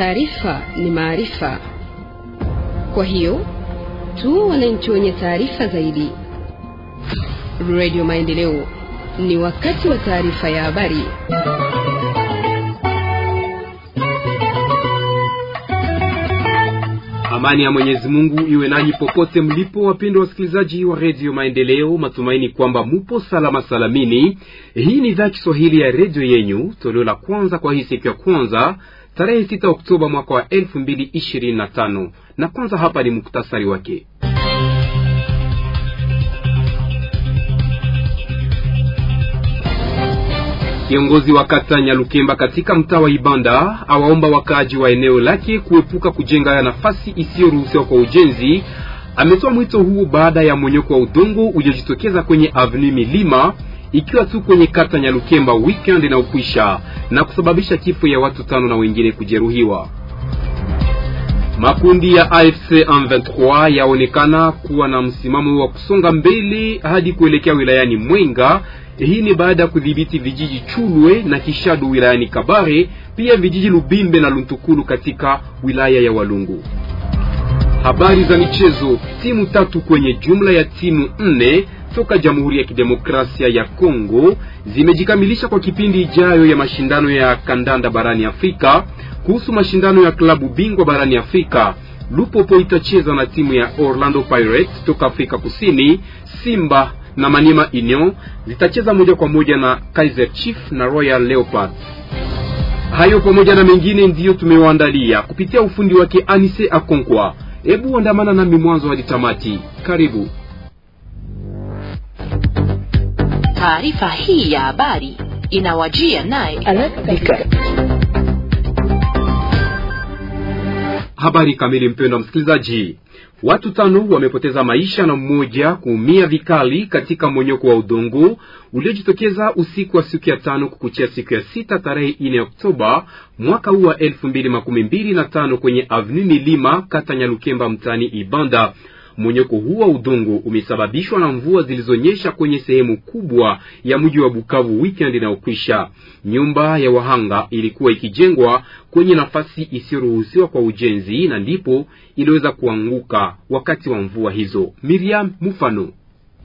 taarifa ni maarifa. Kwa hiyo tu wananchi wenye taarifa zaidi. Radio Maendeleo, ni wakati wa taarifa ya habari. Amani ya Mwenyezi Mungu iwe nanyi popote mlipo, wapendwa wasikilizaji wa Redio Maendeleo. Matumaini kwamba mupo salama salamini. Hii ni idhaa Kiswahili ya redio yenyu, toleo la kwanza kwa hii siku ya kwanza tarehe 6 Oktoba mwaka wa 2025. Na kwanza hapa ni muktasari wake. Kiongozi wa kata Nyalukemba katika mtaa wa Ibanda awaomba wakaaji wa eneo lake kuepuka kujenga nafasi isiyoruhusiwa kwa ujenzi. Ametoa mwito huu baada ya mwenyeko wa udongo uliojitokeza kwenye Avenue Milima ikiwa tu kwenye kata Nyalukemba weekend inaokwisha na kusababisha kifo ya watu tano na wengine kujeruhiwa. Makundi ya AFC M23 yaonekana kuwa na msimamo wa kusonga mbele hadi kuelekea wilayani Mwenga. Hii ni baada ya kudhibiti vijiji Chulwe na Kishadu wilayani Kabare, pia vijiji Lubimbe na Luntukulu katika wilaya ya Walungu. Habari za michezo. Timu tatu kwenye jumla ya timu nne toka Jamhuri ya Kidemokrasia ya Kongo zimejikamilisha kwa kipindi ijayo ya mashindano ya kandanda barani Afrika. Kuhusu mashindano ya klabu bingwa barani Afrika, Lupopo itacheza na timu ya Orlando Pirates toka Afrika Kusini. Simba na Manima Union zitacheza moja kwa moja na kaiser chief na Royal Leopards. Hayo pamoja na mengine ndiyo tumewaandalia kupitia ufundi wake Anise Akonkwa. Hebu andamana nami mwanzo hadi tamati. Karibu. Taarifa hii ya habari inawajia naye habari kamili. Mpendwa msikilizaji, watu tano wamepoteza maisha na mmoja kuumia vikali katika mwonyoko wa udongo uliojitokeza usiku wa siku ya tano kukuchia siku ya sita tarehe ine Oktoba mwaka huu wa elfu mbili makumi mbili na tano kwenye avni Milima kata Nyalukemba mtaani Ibanda Mwenyeko huwa udongo umesababishwa na mvua zilizonyesha kwenye sehemu kubwa ya mji wa Bukavu weekend inayokwisha. Nyumba ya wahanga ilikuwa ikijengwa kwenye nafasi isiyoruhusiwa kwa ujenzi na ndipo iliweza kuanguka wakati wa mvua hizo. Miriam Mufano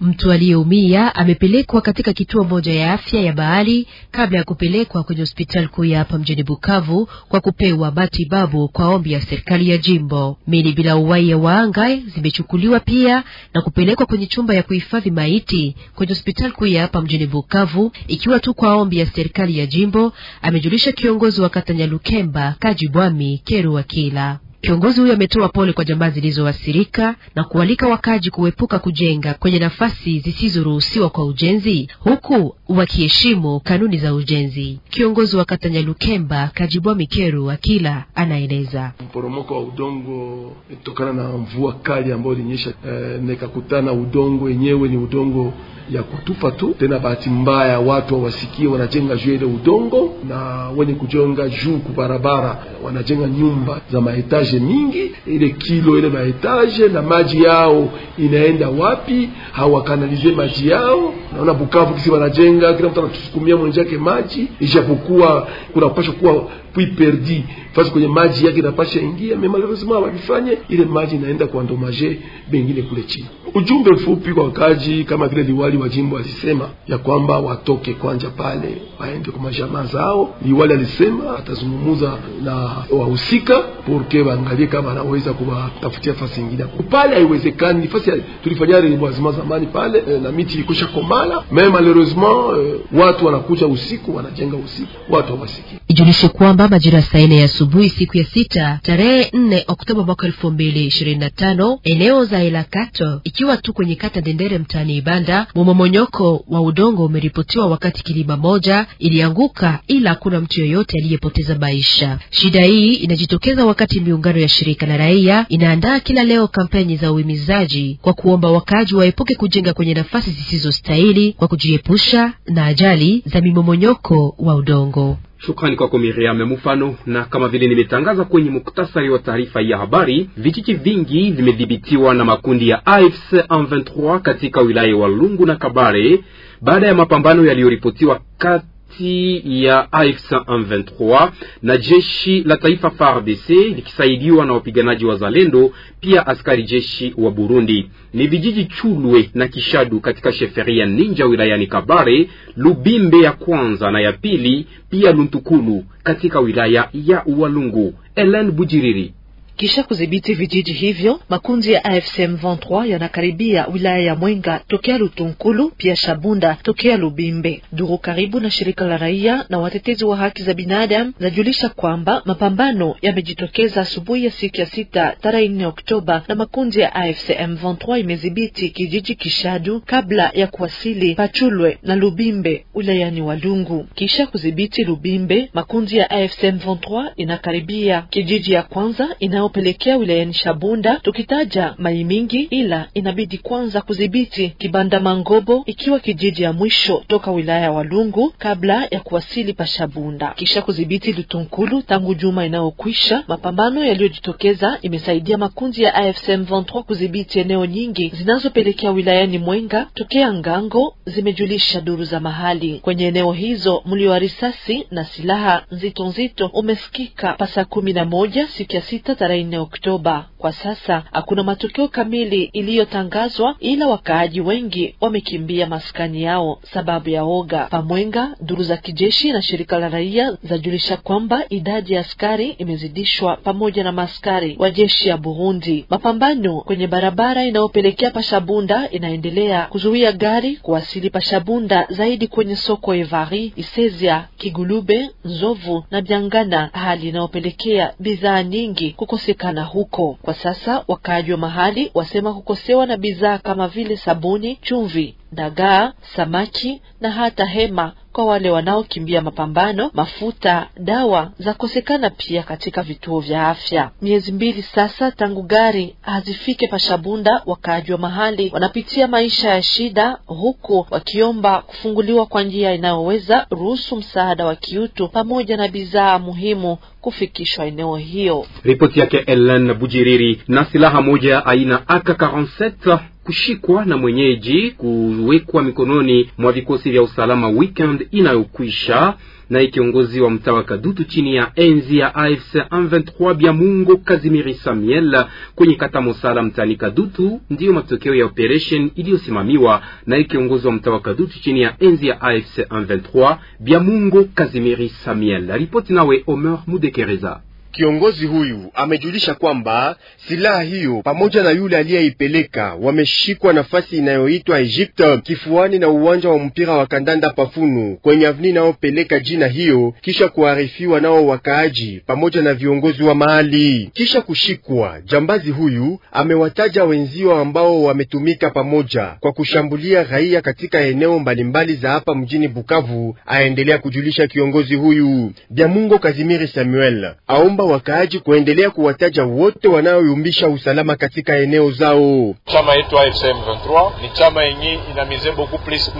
Mtu aliyeumia amepelekwa katika kituo moja ya afya ya Bahali kabla ya kupelekwa kwenye hospitali kuu ya hapa mjini Bukavu kwa kupewa matibabu kwa ombi ya serikali ya jimbo. Mili bila uwai ya waanga zimechukuliwa pia na kupelekwa kwenye chumba ya kuhifadhi maiti kwenye hospitali kuu ya hapa mjini Bukavu ikiwa tu kwa ombi ya serikali ya jimbo, amejulisha kiongozi wa kata Nyalukemba Kaji Bwami Keru Wakila. Kiongozi huyo ametoa pole kwa jamaa zilizoathirika na kualika wakaji kuepuka kujenga kwenye nafasi zisizoruhusiwa kwa ujenzi huku wakiheshimu kanuni za ujenzi. Kiongozi wa katanyalukemba Kajibwa Mikeru Akila anaeleza mporomoko wa udongo tokana na mvua kali ambayo ilinyesha, e, eh, nikakutana udongo yenyewe ni udongo ya kutupa tu. Tena bahati mbaya watu hawasikie wanajenga juu ile udongo, na wenye kujenga juu kubarabara wanajenga nyumba za mahitaji maetaje mingi, ile kilo ile maetaje na maji yao inaenda wapi? Hawakanalize maji yao. Naona Bukavu kisi wanajenga, kila mtu anatusukumia mwenzake maji, ijapokuwa kunapasha kuwa pui perdi fasi kwenye maji yake inapasha ingia memalevesima walifanye ile maji inaenda kuandomaje bengine kule chini. Ujumbe mfupi kwa wakaji, kama vile liwali wa jimbo alisema ya kwamba watoke kwanja pale waende kwa majamaa zao. Liwali alisema atazungumuza na wahusika porke waangalie kama anaweza kuwatafutia fasi ingine pale. Haiwezekani nifasi tulifanyia reboisement zamani pale e, na miti ikusha komala me malheureusement e, watu wanakuja usiku wanajenga usiku, watu hawasikii. Ijulishe kwamba majira saa nne ya asubuhi siku ya sita tarehe nne Oktoba mwaka elfu mbili ishirini na tano eneo za Elakato ikiwa tu kwenye kata Dendere mtaani Ibanda, mmomonyoko wa udongo umeripotiwa wakati kilima moja ilianguka, ila hakuna mtu yoyote aliyepoteza maisha. Shida hii inajitokeza wakati miunga muungano ya shirika la raia inaandaa kila leo kampeni za uhimizaji kwa kuomba wakaji waepuke kujenga kwenye nafasi zisizostahili kwa kujiepusha na ajali za mimomonyoko wa udongo. Shukrani kwako Miriam Mufano. Na kama vile nimetangaza kwenye muktasari wa taarifa ya habari, vijiji vingi vimedhibitiwa na makundi ya AFC M23 katika wilaya wa Lungu na Kabare baada ya mapambano yaliyoripotiwa kati kati ya AFC M23 na jeshi la taifa FARDC likisaidiwa na wapiganaji wa Zalendo, pia askari jeshi wa Burundi. Ni vijiji Chulwe na Kishadu katika sheferia Ninja wilayani Kabare, Lubimbe ya kwanza na ya pili, pia Luntukulu katika wilaya ya Walungu. Ellen Bujiriri kisha kudhibiti vijiji hivyo, makundi ya AFC M23 yanakaribia wilaya ya Mwenga tokea Lutunkulu, pia Shabunda tokea Lubimbe. Duru karibu na shirika la raia na watetezi wa haki za binadamu najulisha kwamba mapambano yamejitokeza asubuhi ya siku ya sita tarehe 4 Oktoba, na makundi ya AFC M23 imedhibiti kijiji Kishadu kabla ya kuwasili Pachulwe na Lubimbe wilayani Walungu. Kisha kudhibiti Lubimbe, makundi ya AFC M23 inakaribia kijiji ya kwanza ina yanayopelekea wilayani Shabunda, tukitaja mai mingi, ila inabidi kwanza kudhibiti Kibanda Mangobo, ikiwa kijiji ya mwisho toka wilaya ya Walungu kabla ya kuwasili pa Shabunda, kisha kudhibiti Lutunkulu tangu juma inayokwisha. Mapambano yaliyojitokeza imesaidia makundi ya AFC M23 kudhibiti eneo nyingi zinazopelekea wilayani Mwenga tokea Ngango, zimejulisha duru za mahali. Kwenye eneo hizo mlio wa risasi na silaha nzito nzito umesikika pasa kumi na moja siku ya sita tarehe بين أكتوبر kwa sasa hakuna matokeo kamili iliyotangazwa, ila wakaaji wengi wamekimbia maskani yao sababu ya oga Pamwenga. Duru za kijeshi na shirika la raia zajulisha kwamba idadi ya askari imezidishwa pamoja na maskari wa jeshi ya Burundi. Mapambano kwenye barabara inayopelekea Pashabunda inaendelea kuzuia gari kuwasili Pashabunda zaidi kwenye soko Evari, Isezia, Kigulube, Nzovu na Byangana, hali inayopelekea bidhaa nyingi kukosekana huko kwa sasa wakaaji wa mahali wasema kukosewa na bidhaa kama vile sabuni, chumvi, dagaa, samaki na hata hema kwa wale wanaokimbia mapambano, mafuta, dawa za kosekana pia katika vituo vya afya. Miezi mbili sasa tangu gari hazifike Pashabunda, wakaaji wa mahali wanapitia maisha ya shida, huku wakiomba kufunguliwa kwa njia inayoweza ruhusu msaada wa kiutu pamoja na bidhaa muhimu kufikishwa eneo hiyo. Ripoti yake Ellen Bujiriri. Na silaha moja aina AK47 kushikwa na mwenyeji kuwekwa mikononi mwa vikosi vya usalama weekend inayokwisha na kiongozi wa mtaa wa Kadutu chini ya enzi ya AFC M23 bya Mungo Kazimiri Samuel kwenye kata Mosala mtaani Kadutu, ndiyo matokeo ya operation iliyosimamiwa na kiongozi wa mtaa wa Kadutu chini ya enzi ya AFC M23 bya Mungo Kazimiri Samuel. Ripoti nawe Omer Mudekereza. Kiongozi huyu amejulisha kwamba silaha hiyo pamoja na yule aliyeipeleka wameshikwa nafasi inayoitwa Egypte kifuani na uwanja wa mpira wa kandanda Pafunu kwenye avni inayopeleka jina hiyo, kisha kuarifiwa nao wakaaji pamoja na viongozi wa mahali. Kisha kushikwa, jambazi huyu amewataja wenzio ambao wametumika pamoja kwa kushambulia raia katika eneo mbalimbali za hapa mjini Bukavu, aendelea kujulisha kiongozi huyu. Byamungo Kazimiri Samuel aomba kuomba wakaaji kuendelea kuwataja wote wanaoyumbisha usalama katika eneo zao. Chama yetu AFCM 23 ni chama yenye inamize beaucoup plus ku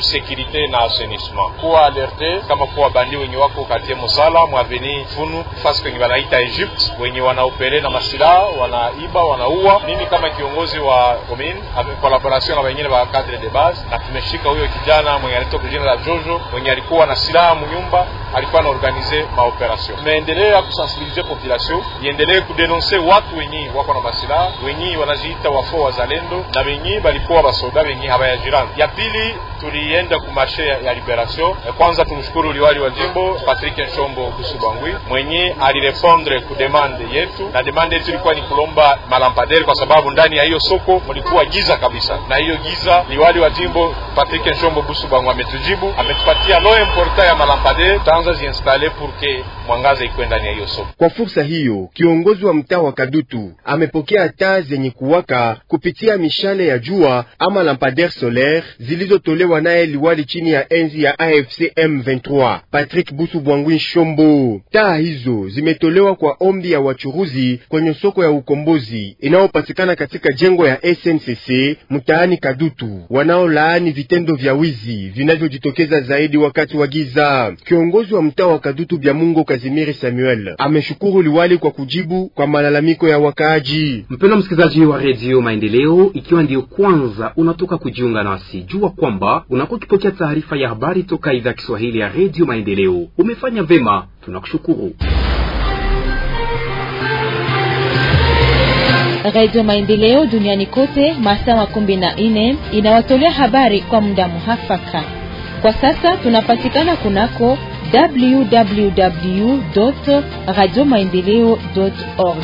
na assainissement, kuwa alerte kama kuwa bandi wenye wako katie Mosala mwaveni Funu fasi kwenye wanaita Egypte, wenye wanaopere na masilaha, wanaiba, wanaua. Mimi kama kiongozi wa commune avec collaboration na wengine wa cadre de base, na tumeshika huyo kijana mwenye anaitwa kujina la Jojo mwenye alikuwa na silaha munyumba, alikuwa na organize maoperation. Tumeendelea kusensibilize population population iendelee kudenonse watu wenyi wako na masilaha wenyi wanajiita wafo wazalendo na wenyi balikuwa basoda wenyi habaya jirani. Ya pili tulienda ku marshe ya liberation. Eh, kwanza tumshukuru liwali wa jimbo Patrick Nshombo Kusubangwi mwenye alirepondre ku demande yetu, na demande yetu ilikuwa ni kulomba malampadere kwa sababu ndani ya hiyo soko mlikuwa giza kabisa, na hiyo giza liwali wa jimbo Patrick Nshombo Busubangwi ametujibu, ametupatia lo importa ya malampadere tutaanza ziinstale pour que mwangaza ikwe ndani ya hiyo soko kwa fursa hiyo kiongozi wa mtaa wa Kadutu amepokea taa zenye kuwaka kupitia mishale ya jua ama lampadaire solaire zilizotolewa naye liwali chini ya enzi ya AFC M23 Patrick Busu Bwangwi Shombo. Taa hizo zimetolewa kwa ombi ya wachuruzi kwenye soko ya ukombozi inayopatikana katika jengo ya SNCC mtaani Kadutu, wanaolaani vitendo vya wizi vinavyojitokeza zaidi wakati wa giza. Kiongozi wa mtaa wa Kadutu Byamungo Kazimiri Samuel ameshukuru liwali kwa kujibu kwa malalamiko ya wakaaji. Mpendwa msikilizaji wa redio Maendeleo, ikiwa ndiyo kwanza unatoka kujiunga nasi, jua kwamba unakuwa ukipokea taarifa ya habari toka idhaa ya Kiswahili ya redio Maendeleo. Umefanya vema, tunakushukuru. Radio Maendeleo duniani kote masaa makumi na nne inawatolea habari kwa muda muhafaka. Kwa sasa tunapatikana kunako www radio maendeleo org.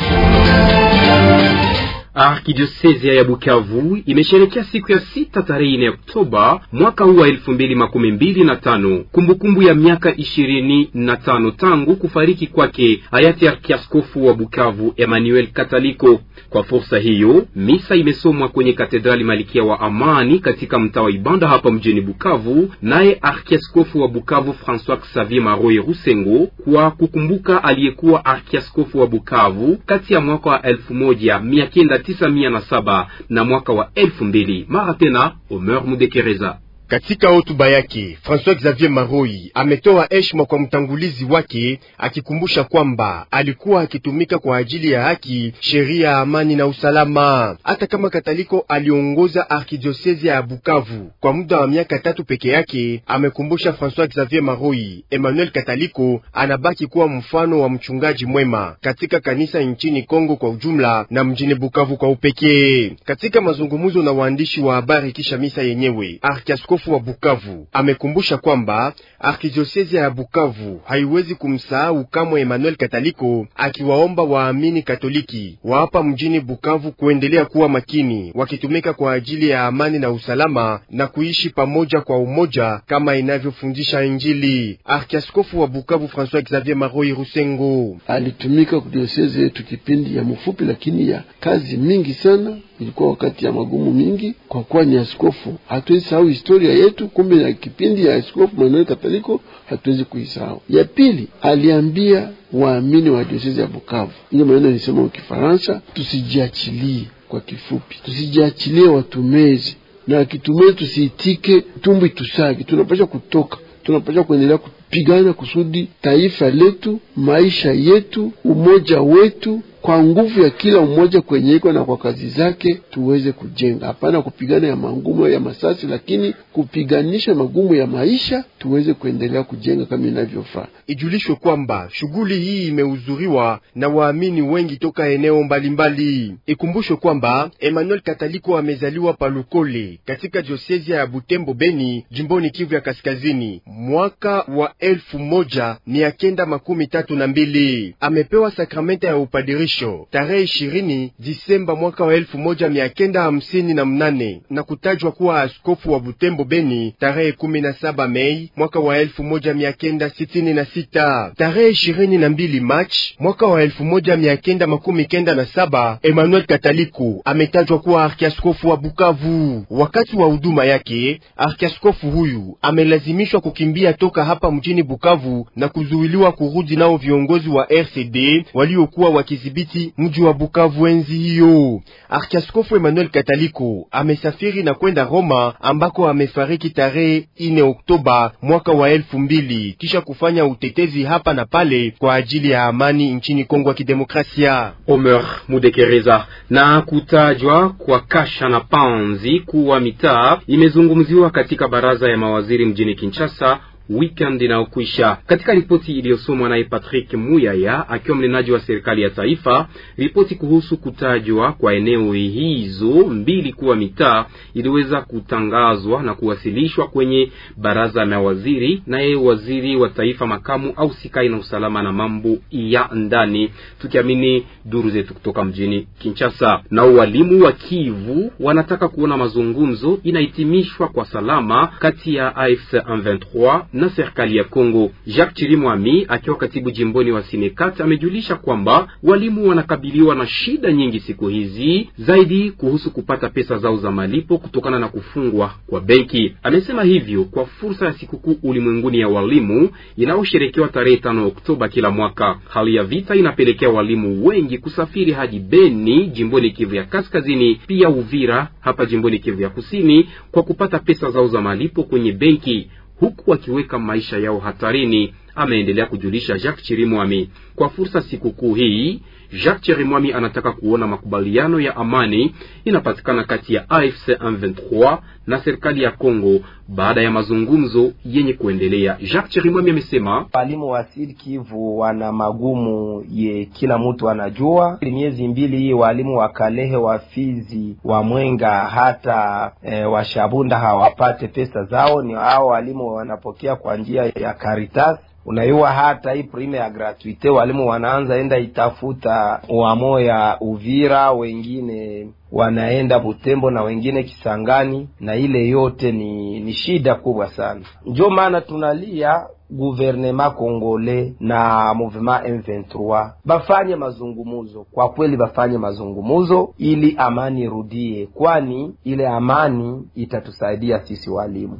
Arkidiosezi ya Bukavu imesherekea siku ya sita tarehe nne Oktoba mwaka huu wa elfu mbili makumi mbili na tano kumbukumbu ya miaka ishirini na tano tangu kufariki kwake hayati Arkiaskofu wa Bukavu Emmanuel Kataliko. Kwa fursa hiyo, misa imesomwa kwenye katedrali Malikia wa Amani katika mtaa wa Ibanda hapa mjini Bukavu, naye Arkiaskofu wa Bukavu Francois Xavier Maroy Rusengo kwa kukumbuka aliyekuwa Arkiaskofu wa Bukavu kati ya mwaka wa elfu moja mia kenda tisa mia na saba na mwaka wa elfu mbili. Mara tena Omer Mudekereza. Katika hotuba yake François Xavier Maroi ametoa heshima kwa mtangulizi wake, akikumbusha kwamba alikuwa akitumika kwa ajili ya haki, sheria, amani na usalama. Hata kama Kataliko aliongoza arkidiosezi ya Bukavu kwa muda wa miaka tatu peke yake, amekumbusha François Xavier Maroi, Emmanuel Kataliko anabaki kuwa mfano wa mchungaji mwema katika kanisa nchini Kongo kwa ujumla na mjini Bukavu kwa upekee. Katika mazungumzo na waandishi wa habari kisha misa yenyewe Arkiasko askofu wa Bukavu amekumbusha kwamba arkidiosezi ya Bukavu haiwezi kumsahau kamwe Emmanuel Kataliko, akiwaomba waamini Katoliki wa hapa mjini Bukavu kuendelea kuwa makini, wakitumika kwa ajili ya amani na usalama na kuishi pamoja kwa umoja kama inavyofundisha Injili. Arkiaskofu wa Bukavu François Xavier Maroi Rusengo alitumika kudiosezi yetu kipindi ya mfupi, lakini ya kazi mingi sana, ilikuwa wakati ya magumu mingi, kwa kuwa ni askofu hatuwezi sahau historia historia yetu, kumbe na kipindi ya Askofu Manuel Kataliko hatuwezi kuisahau. Ya pili aliambia waamini wa diosezi ya Bukavu, hiyo maneno alisema Kifaransa, tusijiachilie. Kwa kifupi, tusijiachilie watumezi na kitumezi, tusiitike tumbwi tusagi Tunapasha kutoka, tunapasha kuendelea kupigana kusudi taifa letu, maisha yetu, umoja wetu kwa nguvu ya kila mmoja kwenye iko na kwa kazi zake, tuweze kujenga, hapana kupigana ya mangumu ya masasi, lakini kupiganisha magumu ya maisha, tuweze kuendelea kujenga kama inavyofaa. Ijulishwe kwamba shughuli hii imehudhuriwa na waamini wengi toka eneo mbalimbali. Ikumbushwe kwamba Emmanuel Kataliko amezaliwa Palukole katika diosezia ya Butembo Beni, jimboni Kivu ya Kaskazini mwaka wa elfu moja mia kenda makumi tatu na mbili. Amepewa sakramenta ya upadirisho mwisho tarehe ishirini Disemba mwaka wa elfu moja mia kenda hamsini na mnane na kutajwa kuwa askofu wa Butembo Beni tarehe kumi na saba Mei mwaka wa elfu moja mia kenda sitini na sita tarehe ishirini na mbili Machi mwaka wa elfu moja mia kenda makumi kenda na saba Emmanuel Kataliku ametajwa kuwa arkiaskofu wa Bukavu. Wakati wa huduma yake arkiaskofu huyu amelazimishwa kukimbia toka hapa mjini Bukavu na kuzuiliwa kurudi nao viongozi wa RCD waliokuwa wakizibi kudhibiti mji wa Bukavu enzi hiyo. Arkiaskofu Emmanuel Kataliko amesafiri na kwenda Roma ambako amefariki tarehe ine Oktoba mwaka wa elfu mbili kisha kufanya utetezi hapa na pale kwa ajili ya amani nchini Kongo ya Kidemokrasia. Omer Mudekereza. Na kutajwa kwa kasha na panzi kuwa mitaa imezungumziwa katika baraza ya mawaziri mjini Kinshasa weekend inayokwisha. Katika ripoti iliyosomwa naye Patrick Muyaya akiwa mnenaji wa serikali ya taifa, ripoti kuhusu kutajwa kwa eneo hizo mbili kuwa mitaa iliweza kutangazwa na kuwasilishwa kwenye baraza la waziri, naye waziri wa taifa makamu au sikai na usalama na mambo ya ndani, tukiamini duru zetu kutoka mjini Kinshasa. na walimu wa Kivu wanataka kuona mazungumzo inahitimishwa kwa salama kati ya AFC M23 na serikali ya Kongo. Jacques Chirimwami akiwa katibu jimboni wa Sinekat amejulisha kwamba walimu wanakabiliwa na shida nyingi siku hizi, zaidi kuhusu kupata pesa zao za malipo kutokana na kufungwa kwa benki. Amesema hivyo kwa fursa ya sikukuu ulimwenguni ya walimu inayosherekewa tarehe 5 Oktoba kila mwaka. Hali ya vita inapelekea walimu wengi kusafiri hadi Beni jimboni Kivu ya Kaskazini, pia Uvira hapa jimboni Kivu ya Kusini kwa kupata pesa zao za malipo kwenye benki huku wakiweka maisha yao hatarini ameendelea kujulisha Jacques Chirimwami. Kwa fursa sikukuu hii, Jacques Chirimwami anataka kuona makubaliano ya amani inapatikana kati ya AFC M23 na serikali ya Kongo baada ya mazungumzo yenye kuendelea. Jacques Chirimwami amesema walimu wa Sud Kivu wana magumu ye kila mtu anajua. Miezi mbili hii walimu wa Kalehe, wa Fizi, wa Mwenga hata e, wa Shabunda hawapate pesa zao, ni hao walimu wanapokea kwa njia ya Caritas unaiwa hata hii prime ya gratuite walimu wanaanza enda itafuta wamo ya Uvira, wengine wanaenda Butembo na wengine Kisangani, na ile yote ni, ni shida kubwa sana. Ndio maana tunalia guvernema kongole na movement M23 bafanye mazungumuzo, kwa kweli bafanye mazungumuzo ili amani irudie, kwani ile amani itatusaidia sisi walimu.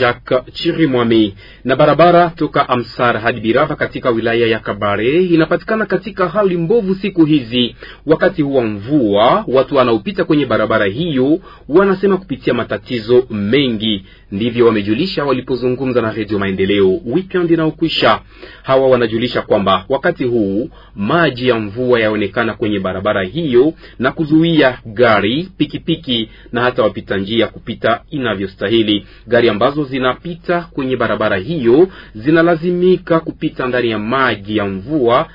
Jacques Chirimwami. Na barabara toka Amsar hadi Birava katika wilaya ya Kabare inapatikana katika hali mbovu siku hizi. Wakati huwa mvua, watu wanaopita kwenye barabara hiyo wanasema kupitia matatizo mengi, ndivyo wamejulisha walipozungumza na Redio Maendeleo wiki weekend inaokwisha. Hawa wanajulisha kwamba wakati huu maji ya mvua yaonekana kwenye barabara hiyo na kuzuia gari, pikipiki na hata wapita njia kupita inavyostahili. Gari ambazo zinapita kwenye barabara hiyo zinalazimika kupita ndani ya maji ya mvua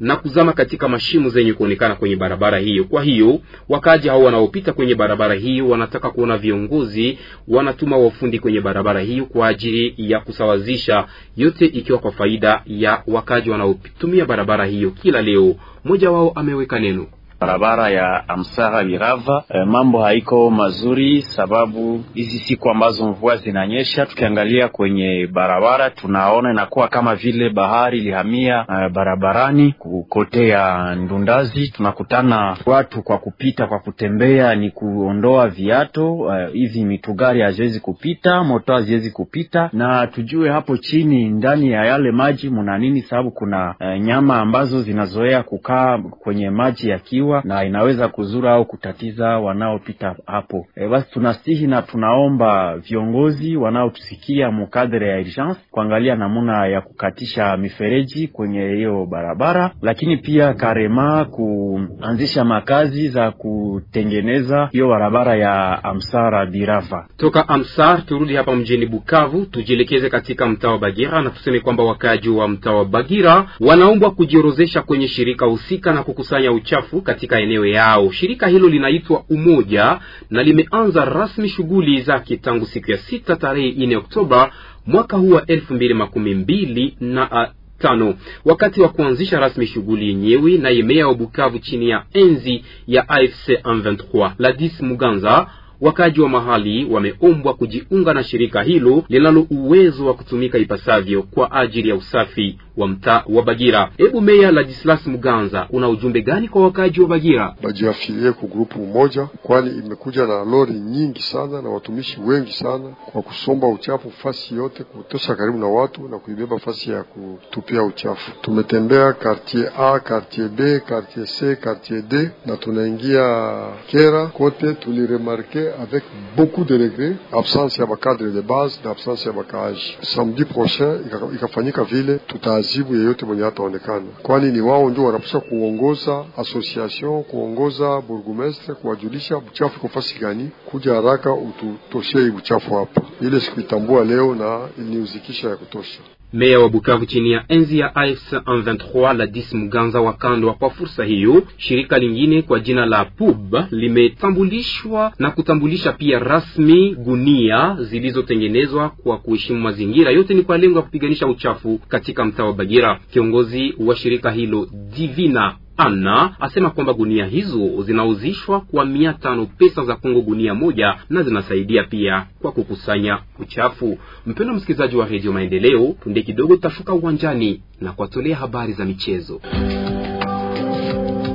na kuzama katika mashimo zenye kuonekana kwenye barabara hiyo. Kwa hiyo wakaji hao wanaopita kwenye barabara hiyo wanataka kuona viongozi wanatuma wafundi kwenye barabara hiyo kwa ajili ya kusawazisha yote, ikiwa kwa faida ya wakaji wanaotumia barabara hiyo kila leo. Mmoja wao ameweka neno barabara ya Amsara Wirava. E, eh, mambo haiko mazuri sababu hizi siku ambazo mvua zinanyesha, tukiangalia kwenye barabara tunaona inakuwa kama vile bahari ilihamia e, barabarani kukote ya Ndundazi. Tunakutana watu kwa kupita kwa kutembea ni kuondoa viato eh, hivi, e, mitugari haziwezi kupita, moto haziwezi kupita, na tujue hapo chini ndani ya yale maji muna nini, sababu kuna e, nyama ambazo zinazoea kukaa kwenye maji yakiwa kuzuiwa na inaweza kuzura au kutatiza wanaopita hapo. E, basi tunasihi na tunaomba viongozi wanaotusikia mukadre ya urgence kuangalia namuna ya kukatisha mifereji kwenye hiyo barabara, lakini pia karema kuanzisha makazi za kutengeneza hiyo barabara ya Amsara Birava. Toka Amsar turudi hapa mjini Bukavu, tujielekeze katika mtaa wa Bagira na tuseme kwamba wakaaji wa mtaa wa Bagira wanaombwa kujiorozesha kwenye shirika husika na kukusanya uchafu katika katika eneo yao. Shirika hilo linaitwa Umoja na limeanza rasmi shughuli zake tangu siku ya sita tarehe nne Oktoba mwaka huu wa elfu mbili makumi mbili na ah, tano. Wakati wa kuanzisha rasmi shughuli yenyewe, naye meya wa Bukavu chini ya enzi ya AFC M23 Ladis Muganza Wakaji wa mahali wameombwa kujiunga na shirika hilo linalo uwezo wa kutumika ipasavyo kwa ajili ya usafi wa mtaa wa Bagira. Hebu meya Ladislas Muganza, una ujumbe gani kwa wakaaji wa Bagira? Bajiafilie ku grupu umoja, kwani imekuja na lori nyingi sana na watumishi wengi sana kwa kusomba uchafu fasi yote, kutosha karibu na watu na kuibeba fasi ya kutupia uchafu. Tumetembea quartier A, quartier B, quartier C, quartier D na tunaingia Kera kote, tuliremarke avec beaucoup de regret absence ya bakadre de base na absence ya bakaaji. Samedi prochain ikafanyika vile tuta majibu yeyote mwenye hataonekana, kwani ni wao ndio wanapaswa kuongoza association, kuongoza burgumestre kuwajulisha uchafu fasi gani, kuja haraka ututoshei uchafu hapa. Ile sikuitambua leo na iliniuzikisha ya kutosha. Meya wa Bukavu chini ya enzi ya AFC M23 Ladis Muganza wa Kandwa. Kwa fursa hiyo, shirika lingine kwa jina la PUB limetambulishwa na kutambulisha pia rasmi gunia zilizotengenezwa kwa kuheshimu mazingira. Yote ni kwa lengo ya kupiganisha uchafu katika mtaa wa Bagira. Kiongozi wa shirika hilo Divina Anna asema kwamba gunia hizo zinauzishwa kwa mia tano pesa za Kongo gunia moja, na zinasaidia pia kwa kukusanya uchafu. Mpendwa msikilizaji wa redio Maendeleo, punde kidogo tutashuka uwanjani na kuwatolea habari za michezo.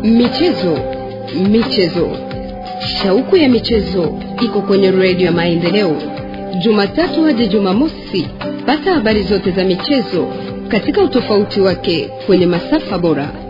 Michezo, michezo, shauku ya michezo iko kwenye redio ya Maendeleo, Jumatatu hadi Jumamosi. Pata habari zote za michezo katika utofauti wake kwenye masafa bora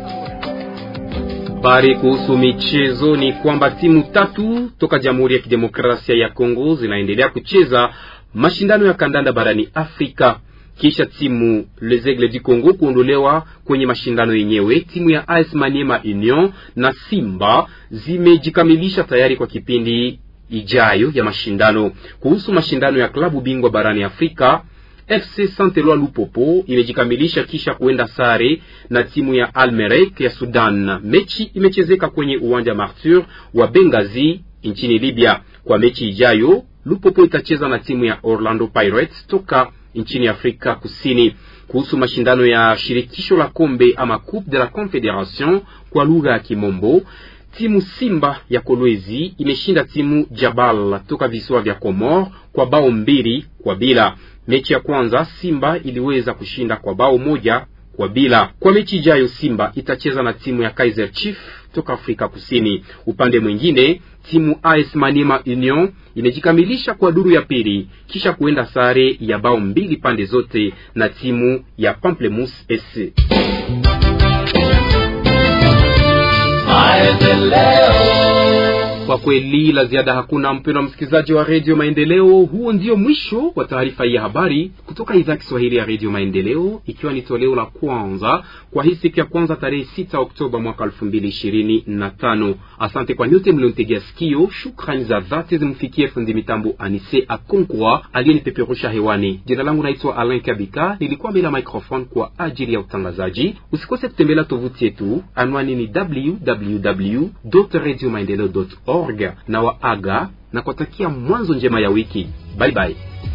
Habari kuhusu michezo ni kwamba timu tatu toka Jamhuri ya Kidemokrasia ya Kongo zinaendelea kucheza mashindano ya kandanda barani Afrika kisha timu Les Aigles du Congo kuondolewa kwenye mashindano yenyewe. Timu ya AS Maniema Union na Simba zimejikamilisha tayari kwa kipindi ijayo ya mashindano. Kuhusu mashindano ya klabu bingwa barani Afrika FC Saint Eloi Lupopo imejikamilisha kisha kuenda sare na timu ya Almerek ya Sudan. Mechi imechezeka kwenye uwanja Martyr wa Benghazi nchini Libya. Kwa mechi ijayo, Lupopo itacheza na timu ya Orlando Pirates toka nchini Afrika Kusini. Kuhusu mashindano ya shirikisho la kombe ama Coupe de la Confederation kwa lugha ya Kimombo, timu Simba ya Kolwezi imeshinda timu Jabal toka visiwa vya Komor kwa bao mbili kwa bila. Mechi ya kwanza Simba iliweza kushinda kwa bao moja kwa bila. Kwa mechi ijayo Simba itacheza na timu ya Kaiser Chief toka Afrika Kusini. Upande mwingine timu AS Manima Union imejikamilisha kwa duru ya pili kisha kuenda sare ya bao mbili pande zote na timu ya Pamplemousse SC. Kwa kweli la ziada hakuna, mpendwa msikilizaji wa redio Maendeleo. Huo ndio mwisho wa taarifa hii ya habari kutoka idhaa Kiswahili ya redio Maendeleo, ikiwa ni toleo la kwanza kwa hii siku ya kwanza tarehe 6 Oktoba mwaka 2025. Asante kwa nyote mliontegea sikio. Shukrani za dhati zimfikie fundi mitambo Anise Akonkwa aliyenipeperusha hewani. Jina langu naitwa Alain Kabika, nilikuwa bila microphone kwa ajili ya utangazaji. Usikose kutembelea tovuti yetu, anwani ni www org na waaga na kuwatakia mwanzo njema ya wiki. Bye bye.